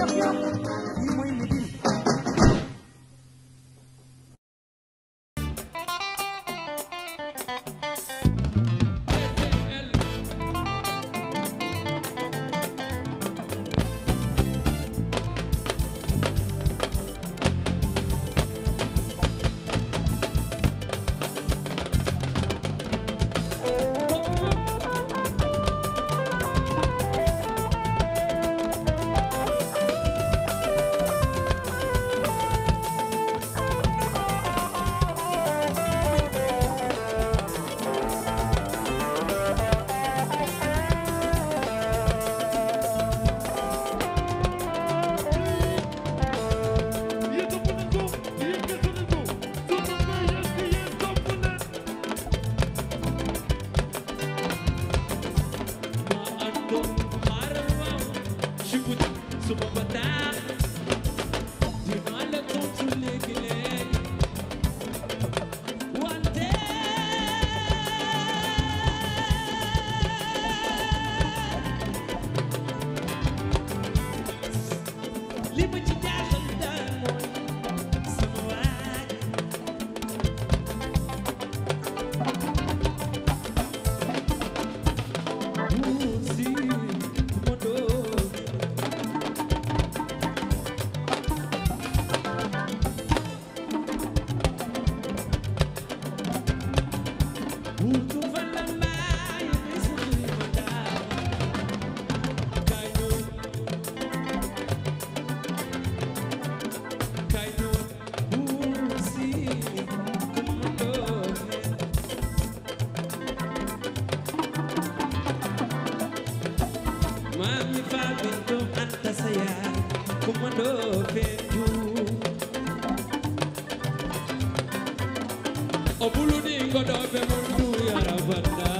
yëpp yëpp obuluni ngodo be mundu yarabanda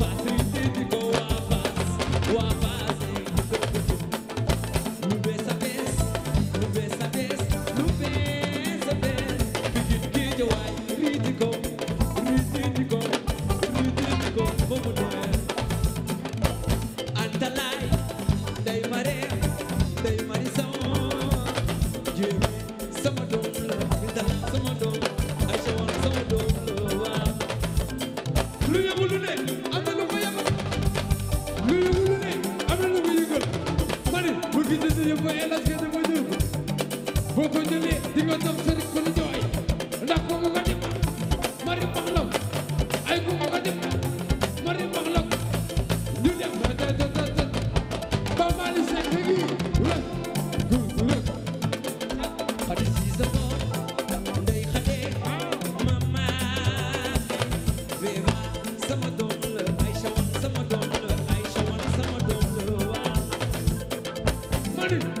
Ready?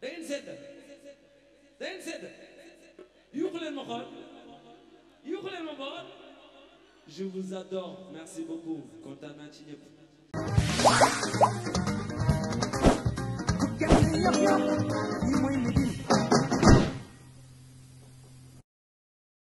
da ngeen sedd da ngeen sedd yuuxu leen ma xool yuuxu leen ma xool je vous adore merci beaucoup kontaan naa ci ñëpp